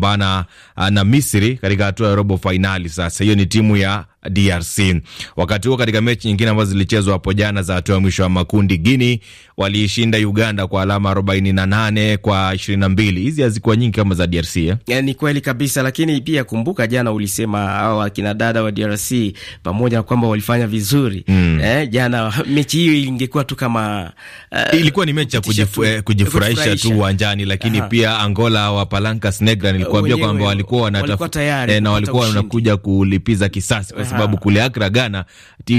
kupambana ah, na Misri katika hatua ya robo fainali. Sasa hiyo ni timu ya DRC. Wakati huo katika mechi nyingine ambazo zilichezwa hapo jana za hatua ya mwisho ya makundi, Guini waliishinda Uganda kwa alama 48 kwa 22. Hizi hazikuwa nyingi kama za DRC eh? Ya, ni kweli kabisa, lakini pia kumbuka, jana ulisema hao akina dada wa DRC pamoja na kwamba walifanya vizuri mm. Eh, jana mechi hiyo ingekuwa tu kama uh, ilikuwa ni mechi ya eh, kujifurahisha, tu uwanjani, lakini Aha. pia Angola wa Palancas Negra nilikuambia kwamba walikuwa wanatafuta eh, na walikuwa wanakuja kulipiza kisasi kwa sababu kule Accra Ghana,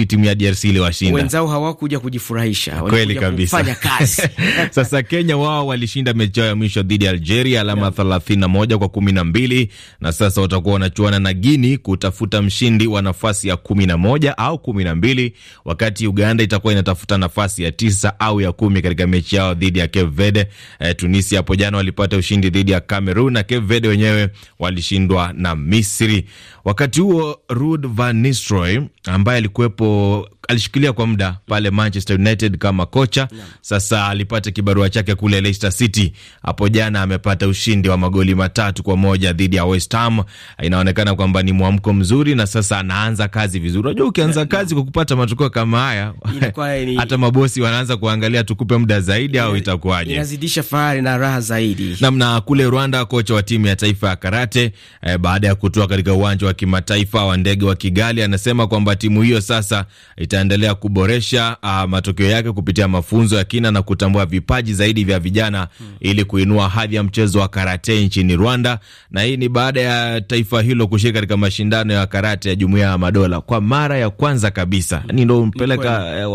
timu ya DRC iliwashinda wenzao, hawakuja kujifurahisha, kweli kabisa kufanya kazi. Sasa Kenya wao walishinda mechi yao ya mwisho dhidi ya Algeria alama yeah, 31 kwa 12, na sasa watakuwa wanachuana na Guinea kutafuta mshindi wa nafasi ya 11 au 12, wakati Uganda itakuwa inatafuta nafasi ya tisa au ya kumi katika mechi yao dhidi ya Cape Verde. Eh, Tunisia hapo jana walipata ushindi dhidi ya Cameroon na Cape Verde wenyewe walishindwa na Misri. Wakati huo Ruud van Nistelrooy ambaye alikuwepo alishikilia kwa muda pale Manchester United kama kocha Sasa alipata kibarua chake kule Leicester City hapo jana, amepata ushindi wa magoli matatu kwa moja dhidi ya West Ham. Inaonekana kwamba ni mwamko mzuri na sasa anaanza kazi vizuri. Unajua, ukianza kazi kwa kupata matokeo kama haya hata mabosi wanaanza kuangalia tukupe muda zaidi au itakuwaje? Inazidisha fahari na raha zaidi. Namna kule Rwanda, kocha wa timu ya taifa ya karate eh, baada ya kutoa katika uwanja wa kimataifa wa ndege wa Kigali, anasema kwamba timu hiyo sasa ita itaendelea kuboresha uh, matokeo yake kupitia mafunzo ya kina na kutambua vipaji zaidi vya vijana hmm, ili kuinua hadhi ya mchezo wa karate nchini Rwanda, na hii ni baada ya taifa hilo kushika katika mashindano ya karate ya Jumuiya ya Madola kwa mara ya kwanza kabisa. Hmm. Ni ndo mpeleka eh,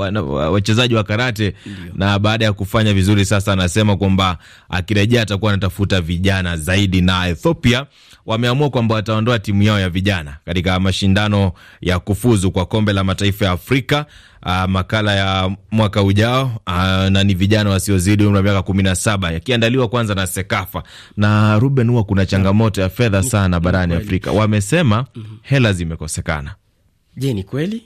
wachezaji wa karate Ndiyo. Na baada ya kufanya vizuri sasa, anasema kwamba akirejea atakuwa anatafuta vijana zaidi, na Ethiopia wameamua kwamba wataondoa timu yao ya vijana katika mashindano ya kufuzu kwa kombe la mataifa ya Afrika Afrika uh, makala ya mwaka ujao uh, na ni vijana wasiozidi umri wa miaka kumi na saba yakiandaliwa kwanza na Sekafa na Ruben, huwa kuna changamoto ya fedha sana barani Afrika. Wamesema mhm. hela zimekosekana. Je, ni kweli?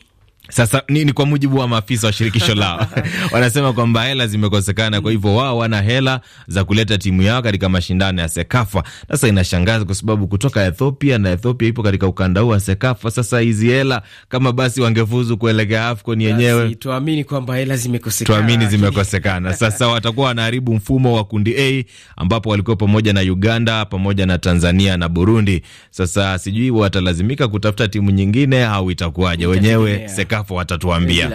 Sasa ni, ni kwa mujibu wa maafisa wa shirikisho lao wanasema kwamba hela zimekosekana, kwa hivyo wao wana hela za kuleta timu yao katika mashindano ya Sekafa. Sasa inashangaza kwa sababu kutoka Ethiopia na Ethiopia ipo katika ukanda huu wa Sekafa. Sasa hizi hela kama basi wangefuzu kuelekea AFCON yenyewe, tuamini kwamba hela zimekosekana, tuamini zimekosekana. Sasa watakuwa wanaharibu mfumo wa kundi A ambapo walikuwa pamoja na Uganda pamoja na Tanzania na Burundi. Sasa sijui watalazimika kutafuta timu nyingine au itakuwaje wenyewe Sekafa watakapo watatuambia.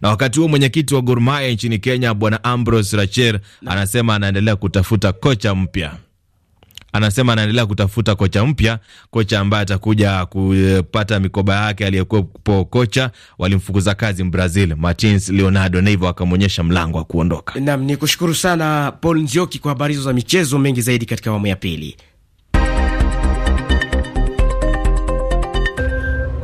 Na wakati huo mwenyekiti wa Gor Mahia nchini Kenya Bwana Ambrose racher anasema anaendelea kutafuta kocha mpya anasema anaendelea kutafuta kocha mpya, kocha ambaye atakuja kupata mikoba yake. Aliyekuwepo kocha walimfukuza kazi Brazil, Martins Leonardo, na hivyo akamwonyesha mlango wa kuondoka. Nam ni kushukuru sana Paul Nzioki kwa habari hizo za michezo, mengi zaidi katika awamu ya pili.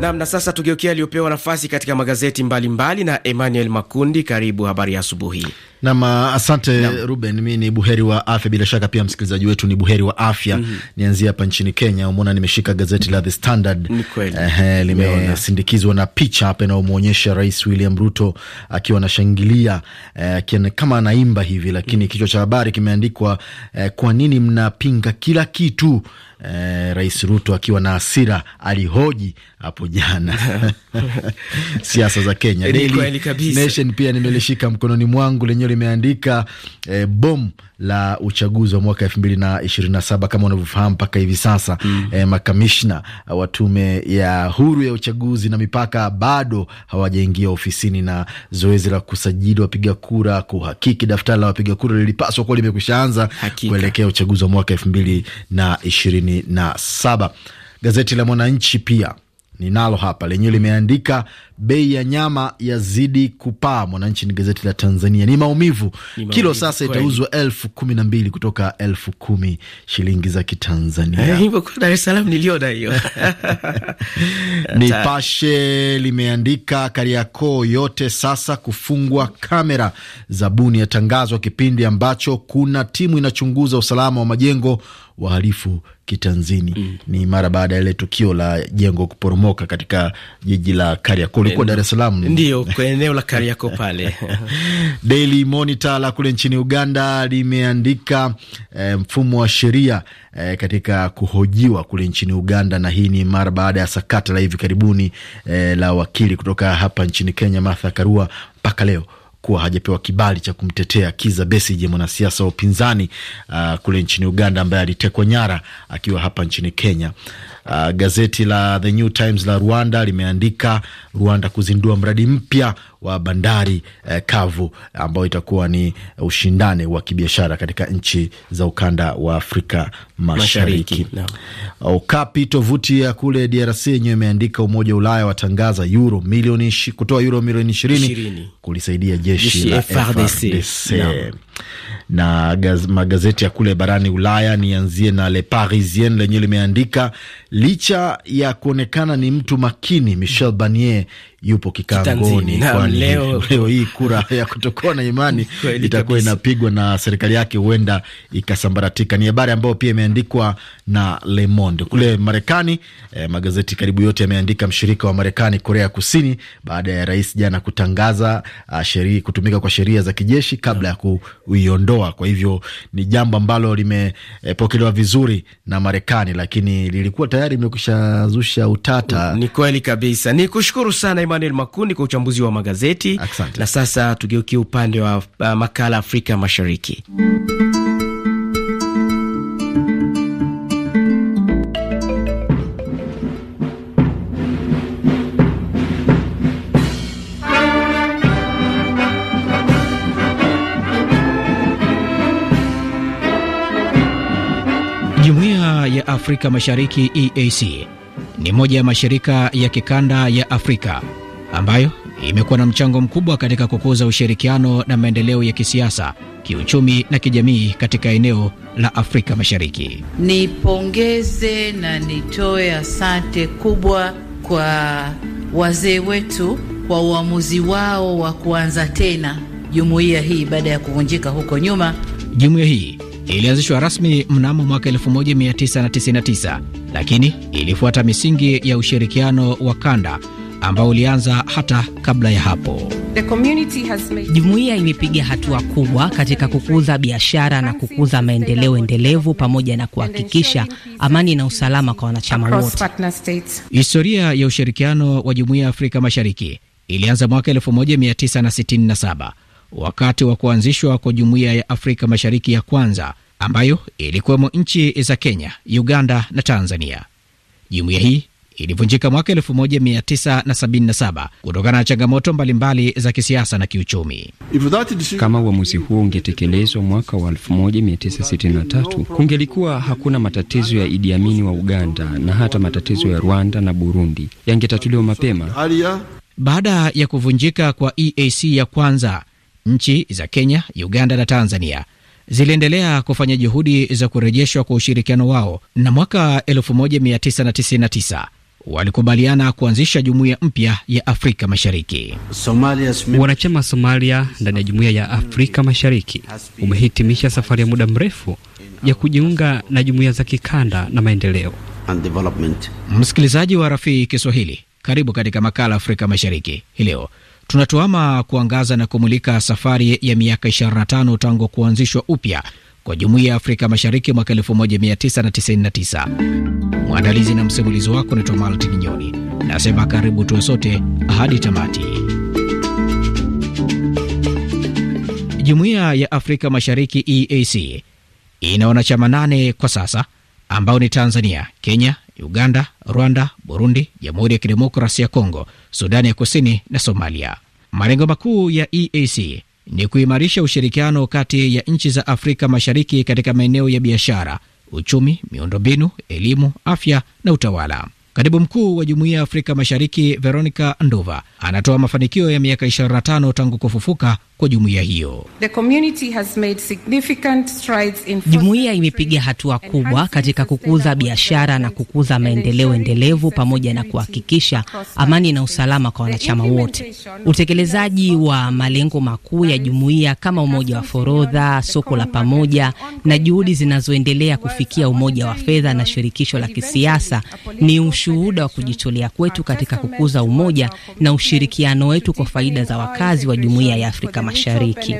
Nam, na sasa tugeukia aliyopewa nafasi katika magazeti mbalimbali mbali, na Emmanuel Makundi, karibu. Habari ya asubuhi. Nam, uh, asante Nam. Ruben, mi ni buheri wa afya, bila shaka pia msikilizaji wetu ni buheri wa afya mm -hmm. Nianzie hapa nchini Kenya, umeona nimeshika gazeti mm -hmm. la The Standard eh, limesindikizwa na picha hapa inayomwonyesha Rais William Ruto akiwa anashangilia eh, kama anaimba hivi, lakini mm -hmm. kichwa cha habari kimeandikwa eh, kwa nini mnapinga kila kitu eh, Rais Ruto akiwa na hasira alihoji hapo jana siasa za Kenya. Daily Nation pia nimelishika mkononi mwangu, lenyewe limeandika eh, bom la uchaguzi wa mwaka elfu mbili na ishirini na saba kama unavyofahamu mpaka hivi sasa mm. eh, makamishna wa tume ya huru ya uchaguzi na mipaka bado hawajaingia ofisini na zoezi la kusajili wapiga kura, kuhakiki daftari la wapiga kura lilipaswa kuwa limekwisha anza kuelekea uchaguzi wa mwaka elfu mbili na ishirini saba. Gazeti la Mwananchi pia ninalo hapa lenyewe limeandika bei ya nyama yazidi kupaa. Mwananchi ni gazeti la Tanzania. Ni maumivu, kilo sasa itauzwa elfu kumi na mbili kutoka elfu kumi shilingi za Kitanzania. Eh, hivyo kwa Dar es Salaam niliona hiyo. Nipashe limeandika Kariakoo yote sasa kufungwa kamera, zabuni yatangazwa kipindi ambacho kuna timu inachunguza usalama wa majengo wahalifu kitanzini mm. Ni mara baada ya ile tukio la jengo kuporomoka katika jiji la Kariakoo, ulikuwa Dar es Salaam, ndio kwa eneo la Kariakoo pale. Daily Monitor la kule nchini Uganda limeandika e, mfumo wa sheria e, katika kuhojiwa kule nchini Uganda, na hii ni mara baada ya sakata la hivi karibuni e, la wakili kutoka hapa nchini Kenya Martha Karua mpaka leo kuwa hajapewa kibali cha kumtetea Kiza Besigye, mwanasiasa wa upinzani uh, kule nchini Uganda ambaye alitekwa nyara akiwa hapa nchini Kenya. Uh, gazeti la The New Times la Rwanda limeandika Rwanda kuzindua mradi mpya wa bandari eh, kavu ambayo itakuwa ni ushindani wa kibiashara katika nchi za ukanda wa Afrika Mashariki. Mashariki no. Ukapi tovuti ya kule DRC yenyewe imeandika Umoja wa Ulaya watangaza euro milioni kutoa euro milioni ishirini kulisaidia jeshi la FARDC no na gaz, magazeti ya kule barani Ulaya. Nianzie na Le Parisien lenyewe limeandika licha ya kuonekana ni mtu makini, Michel Barnier yupo kikangoni, kwani leo, leo hii kura ya kutokuwa na imani itakuwa inapigwa na serikali yake huenda ikasambaratika. Ni habari ambayo pia imeandikwa na Le Monde. Kule Marekani eh, magazeti karibu yote yameandika mshirika wa Marekani Korea Kusini, baada ya rais jana kutangaza uh, sheri, kutumika kwa sheria za kijeshi kabla ya kuiondoa. Kwa hivyo ni jambo ambalo limepokelewa eh, vizuri na Marekani, lakini lilikuwa tayari limekwisha zusha utata. Ni kweli kabisa, ni kushukuru sana Emmanuel Makundi kwa uchambuzi wa magazeti. Asante. Na sasa tugeukie upande wa uh, makala Afrika Mashariki. ya Afrika Mashariki EAC ni moja ya mashirika ya kikanda ya Afrika ambayo imekuwa na mchango mkubwa katika kukuza ushirikiano na maendeleo ya kisiasa, kiuchumi na kijamii katika eneo la Afrika Mashariki. Nipongeze na nitoe asante kubwa kwa wazee wetu kwa uamuzi wao wa kuanza tena jumuiya hii baada ya kuvunjika huko nyuma. Jumuiya hii ilianzishwa rasmi mnamo mwaka 1999 lakini ilifuata misingi ya ushirikiano wa kanda ambao ulianza hata kabla ya hapo. Jumuiya imepiga hatua kubwa katika kukuza biashara na kukuza maendeleo endelevu pamoja na kuhakikisha amani na usalama kwa wanachama wote. Historia ya ushirikiano wa Jumuiya ya Afrika Mashariki ilianza mwaka 1967 wakati wa kuanzishwa kwa Jumuiya ya Afrika Mashariki ya kwanza ambayo ilikuwemo nchi za Kenya, Uganda na Tanzania. Jumuiya hii ilivunjika mwaka 1977 kutokana na changamoto mbalimbali za kisiasa na kiuchumi. Kama uamuzi huo ungetekelezwa mwaka wa 1963 kungelikuwa hakuna matatizo ya Idi Amini wa Uganda na hata matatizo ya Rwanda na Burundi yangetatuliwa mapema. Baada ya kuvunjika kwa EAC ya kwanza, nchi za Kenya, Uganda na Tanzania ziliendelea kufanya juhudi za kurejeshwa kwa ushirikiano wao na mwaka 1999 walikubaliana kuanzisha jumuiya mpya ya Afrika Mashariki. Wanachama wa Somalia ndani ya jumuiya ya Afrika Mashariki umehitimisha safari ya muda mrefu ya kujiunga na jumuiya za kikanda na maendeleo. Msikilizaji wa Rafii Kiswahili, karibu katika makala Afrika Mashariki. Hii leo tunatuama kuangaza na kumulika safari ya miaka 25 tangu kuanzishwa upya kwa Jumuiya ya Afrika Mashariki mwaka 1999. Mwandalizi na msimulizi wako naitwa Maltin Nyoni, nasema karibu tuwe sote hadi tamati. Jumuiya ya Afrika Mashariki EAC ina wanachama nane kwa sasa ambao ni Tanzania, Kenya, Uganda, Rwanda, Burundi, Jamhuri ya Kidemokrasia ya Kongo, Sudani ya Kusini na Somalia. Malengo makuu ya EAC ni kuimarisha ushirikiano kati ya nchi za Afrika Mashariki katika maeneo ya biashara, uchumi, miundombinu, elimu, afya na utawala. Katibu mkuu wa Jumuiya ya Afrika Mashariki Veronica Nduva anatoa mafanikio ya miaka 25 tangu kufufuka kwa jumuiya hiyo. Jumuiya imepiga hatua kubwa katika kukuza biashara na kukuza maendeleo endelevu pamoja na kuhakikisha amani na usalama kwa wanachama wote. Utekelezaji wa malengo makuu ya jumuiya kama umoja wa forodha, soko la pamoja na juhudi zinazoendelea kufikia umoja wa fedha na shirikisho la kisiasa ni ushuhuda wa kujitolea kwetu katika kukuza umoja na ushirikiano wetu kwa faida za wakazi wa jumuiya ya Afrika Mashariki.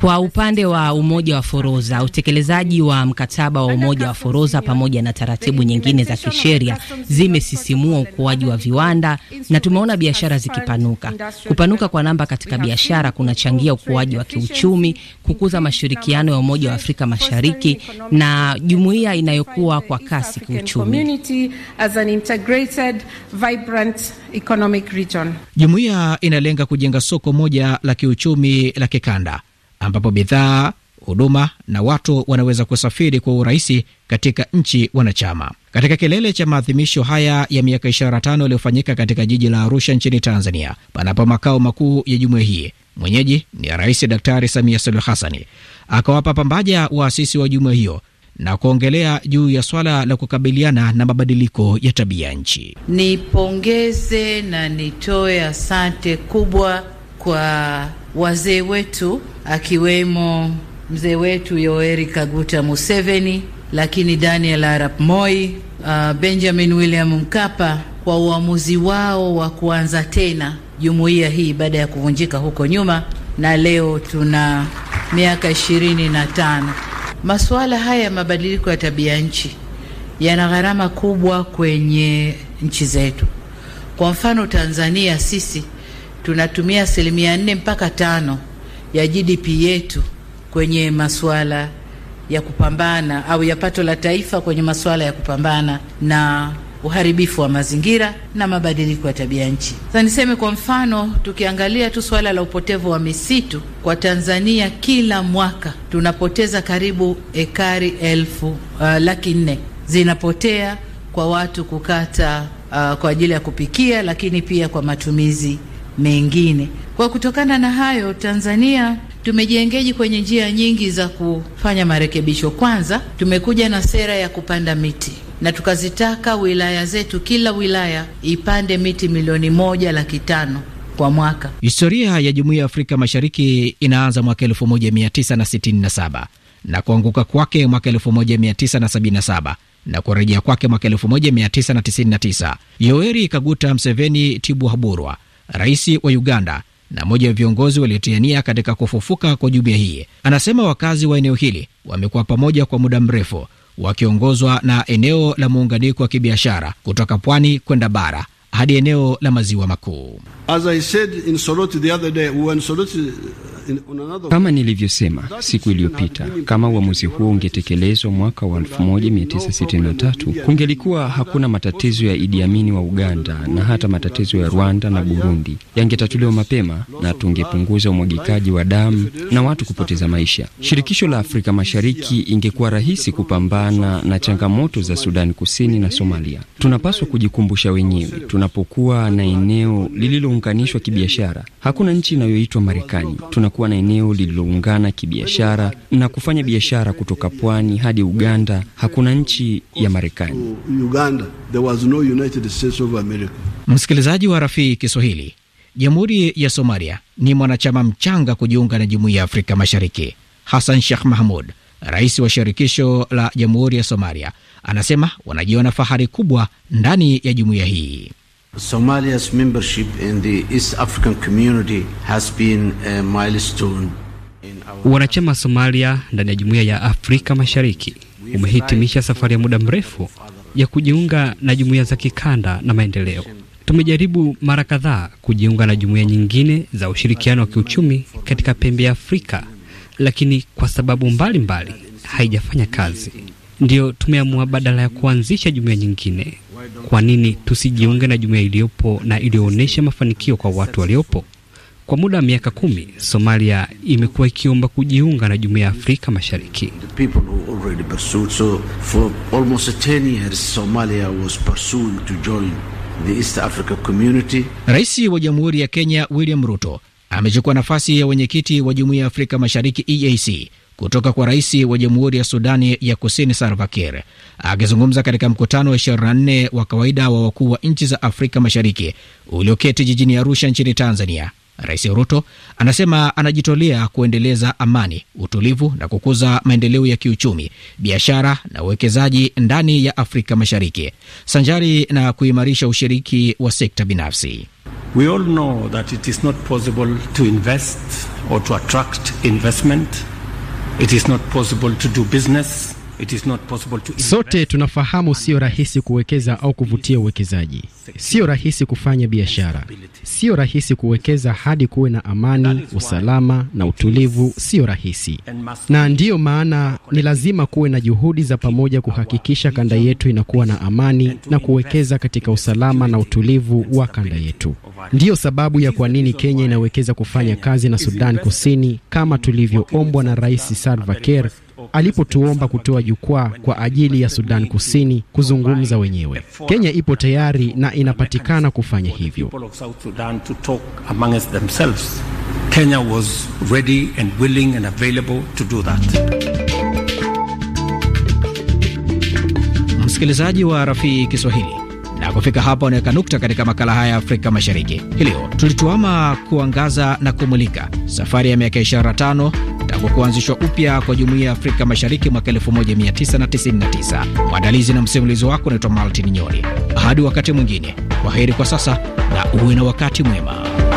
Kwa upande wa Umoja wa Forodha, utekelezaji wa mkataba wa Umoja wa Forodha pamoja na taratibu nyingine za kisheria zimesisimua ukuaji wa viwanda na tumeona biashara zikipanuka. Kupanuka kwa namba katika biashara kunachangia ukuaji wa kiuchumi, kukuza mashirikiano ya Umoja wa Afrika Mashariki na jumuiya inayokuwa kwa kasi kiuchumi. Jumuiya inalenga kujenga soko moja la kiuchumi la kikanda ambapo bidhaa, huduma na watu wanaweza kusafiri kwa urahisi katika nchi wanachama. Katika kilele cha maadhimisho haya ya miaka 25 yaliyofanyika katika jiji la Arusha nchini Tanzania, panapo makao makuu ya jumuiya hii, mwenyeji ni Rais Daktari Samia Suluhu hasani akawapa pambaja waasisi wa, wa jumuiya hiyo na kuongelea juu ya swala la kukabiliana na mabadiliko ya tabia nchi. Nipongeze na nitoe asante kubwa kwa wazee wetu akiwemo mzee wetu Yoweri Kaguta Museveni, lakini Daniel Arap Moi, uh, Benjamin William Mkapa kwa uamuzi wao wa kuanza tena jumuiya hii baada ya kuvunjika huko nyuma, na leo tuna miaka ishirini na tano. Masuala haya ya mabadiliko ya tabia nchi yana gharama kubwa kwenye nchi zetu. Kwa mfano Tanzania, sisi tunatumia asilimia nne mpaka tano ya GDP yetu kwenye masuala ya kupambana au ya pato la taifa kwenye masuala ya kupambana na uharibifu wa mazingira na mabadiliko ya tabia nchi. Sasa niseme kwa mfano, tukiangalia tu suala la upotevu wa misitu kwa Tanzania, kila mwaka tunapoteza karibu ekari elfu uh, laki nne zinapotea kwa watu kukata uh, kwa ajili ya kupikia, lakini pia kwa matumizi mengine. Kwa kutokana na hayo, Tanzania tumejiengeji kwenye njia nyingi za kufanya marekebisho. Kwanza tumekuja na sera ya kupanda miti na tukazitaka wilaya zetu, kila wilaya ipande miti milioni moja laki tano kwa mwaka. Historia ya Jumuiya ya Afrika Mashariki inaanza mwaka 1967 na, kuanguka kwake mwaka 1977 na kurejea kwake mwaka 1999. Yoweri Kaguta Mseveni Tibu Haburwa rais wa Uganda na mmoja wa viongozi waliotiania katika kufufuka kwa jumuiya hii. Anasema wakazi wa eneo hili wamekuwa pamoja kwa muda mrefu, wakiongozwa na eneo la muunganiko wa kibiashara kutoka pwani kwenda bara hadi eneo la maziwa makuu. Kama nilivyosema siku iliyopita, kama uamuzi huo ungetekelezwa mwaka wa 1963 kungelikuwa hakuna matatizo ya Idi Amini wa Uganda na hata matatizo ya Rwanda na Burundi yangetatuliwa mapema na tungepunguza umwagikaji wa damu na watu kupoteza maisha. Shirikisho la Afrika Mashariki ingekuwa rahisi kupambana na changamoto za Sudani Kusini na Somalia. Tunapaswa kujikumbusha wenyewe tunapokuwa na eneo lililo tumeunganishwa kibiashara. Hakuna nchi inayoitwa Marekani. Tunakuwa na eneo lililoungana kibiashara na kufanya biashara kutoka pwani hadi Uganda. Hakuna nchi ya Marekani. Msikilizaji wa Rafii Kiswahili, Jamhuri ya Somalia ni mwanachama mchanga kujiunga na Jumuiya ya Afrika Mashariki. Hassan Sheikh Mahmud, rais wa shirikisho la Jamhuri ya Somalia, anasema wanajiona fahari kubwa ndani ya jumuiya hii. Somalia's membership in the East African community has been a milestone. Wanachama Somalia ndani ya Jumuiya ya Afrika Mashariki umehitimisha safari ya muda mrefu ya kujiunga na jumuiya za kikanda na maendeleo. Tumejaribu mara kadhaa kujiunga na jumuiya nyingine za ushirikiano wa kiuchumi katika pembe ya Afrika, lakini kwa sababu mbalimbali mbali, haijafanya kazi ndio tumeamua badala ya kuanzisha jumuiya nyingine. Kwa nini tusijiunge na jumuiya iliyopo na iliyoonyesha mafanikio kwa watu waliopo? Kwa muda wa miaka kumi, Somalia imekuwa ikiomba kujiunga na jumuiya ya Afrika Mashariki. Rais wa Jamhuri ya Kenya William Ruto amechukua nafasi ya wenyekiti wa Jumuiya ya Afrika Mashariki EAC kutoka kwa rais wa Jamhuri ya Sudani ya Kusini Salva Kiir. Akizungumza katika mkutano wa 24 wa kawaida wa wakuu wa nchi za Afrika Mashariki ulioketi jijini Arusha nchini Tanzania, Rais Ruto anasema anajitolea kuendeleza amani, utulivu na kukuza maendeleo ya kiuchumi, biashara na uwekezaji ndani ya Afrika Mashariki, sanjari na kuimarisha ushiriki wa sekta binafsi. We all know that it is not possible to invest or to attract investment It is not possible to do business sote tunafahamu sio rahisi kuwekeza au kuvutia uwekezaji, sio rahisi kufanya biashara, sio rahisi kuwekeza hadi kuwe na amani, usalama na utulivu, sio rahisi. Na ndiyo maana ni lazima kuwe na juhudi za pamoja kuhakikisha kanda yetu inakuwa na amani na kuwekeza katika usalama na utulivu wa kanda yetu. Ndiyo sababu ya kwa nini Kenya inawekeza kufanya kazi na Sudan Kusini kama tulivyoombwa na Rais Salva Kiir alipotuomba kutoa jukwaa kwa ajili ya Sudan Kusini kuzungumza wenyewe. Kenya ipo tayari na inapatikana kufanya hivyo. Kenya was ready and willing and available to do that. Msikilizaji wa Rafii Kiswahili, na kufika hapa unaweka nukta katika makala haya ya Afrika Mashariki hii leo. Tulituama kuangaza na kumulika safari ya miaka 25 kwa kuanzishwa upya kwa Jumuiya ya Afrika Mashariki mwaka 1999. Mwandalizi na msimulizi wako unaitwa Martin Nyoni. Hadi wakati mwingine, kwa heri kwa sasa na uwe na wakati mwema.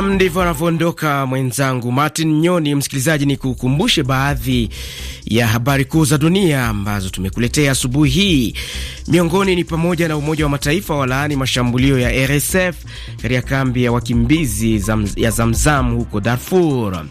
Nam, ndivyo anavyoondoka mwenzangu Martin Nyoni. Msikilizaji, ni kukumbushe baadhi ya habari kuu za dunia ambazo tumekuletea asubuhi hii. Miongoni ni pamoja na Umoja wa Mataifa walaani mashambulio ya RSF katika kambi ya wakimbizi zam, ya Zamzam huko Darfur.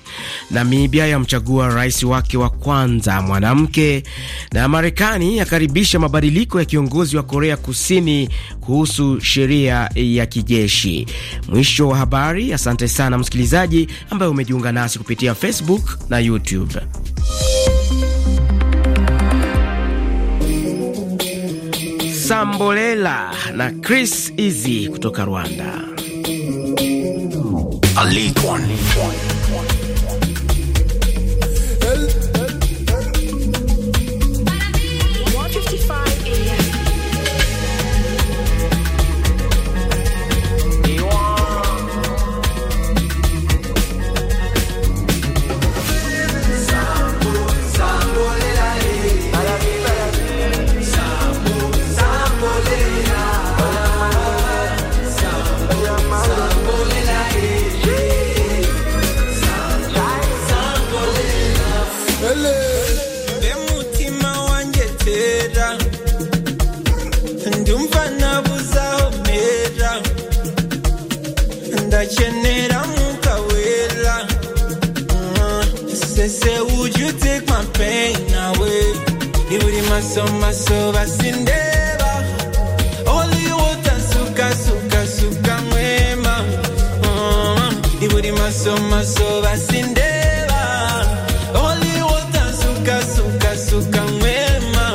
Namibia yamchagua rais wake wa kwanza mwanamke, na Marekani yakaribisha mabadiliko ya kiongozi wa Korea Kusini kuhusu sheria ya kijeshi. Mwisho wa habari. Asante sana msikilizaji ambaye umejiunga nasi kupitia Facebook na YouTube. Sambolela na Chris Easy kutoka Rwanda. Alikuwa. soma soba sindeba oli wota nsuka suka suka mwema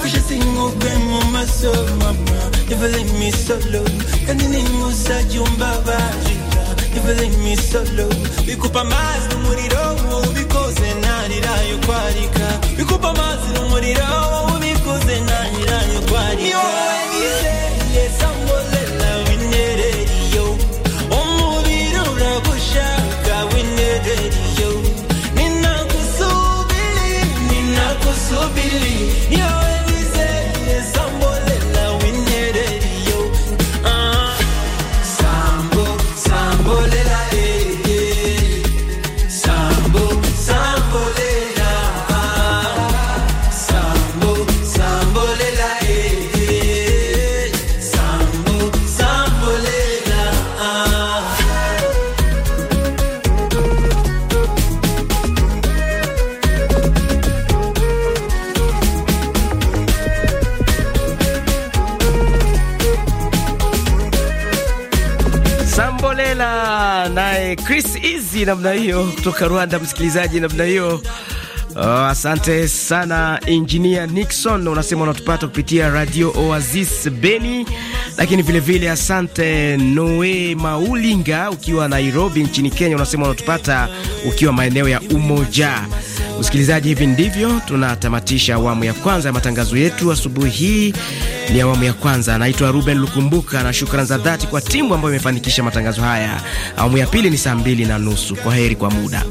kusha uh-huh. singugwe mu maso mama never leave me solo kandi ningusa jumba bajira never leave me solo bikupa amazi n'umuriro wowe ubikoze narirayo kwarika bikupa amazi n'umuriro wowe ubikoze narirayo kwarika So believe you Sambolela naye Chris Easy namna hiyo kutoka Rwanda, msikilizaji namna hiyo Oh, asante sana Engineer Nixon, unasema unatupata kupitia Radio Oasis Beni, lakini vilevile vile asante Noe Maulinga ukiwa Nairobi nchini Kenya, unasema unatupata ukiwa maeneo ya Umoja. Msikilizaji, hivi ndivyo tunatamatisha awamu ya kwanza ya matangazo yetu asubuhi hii. Ni awamu ya kwanza. Naitwa Ruben Lukumbuka, na shukrani za dhati kwa timu ambayo imefanikisha matangazo haya. Awamu ya pili ni saa mbili na nusu. Kwa heri kwa muda.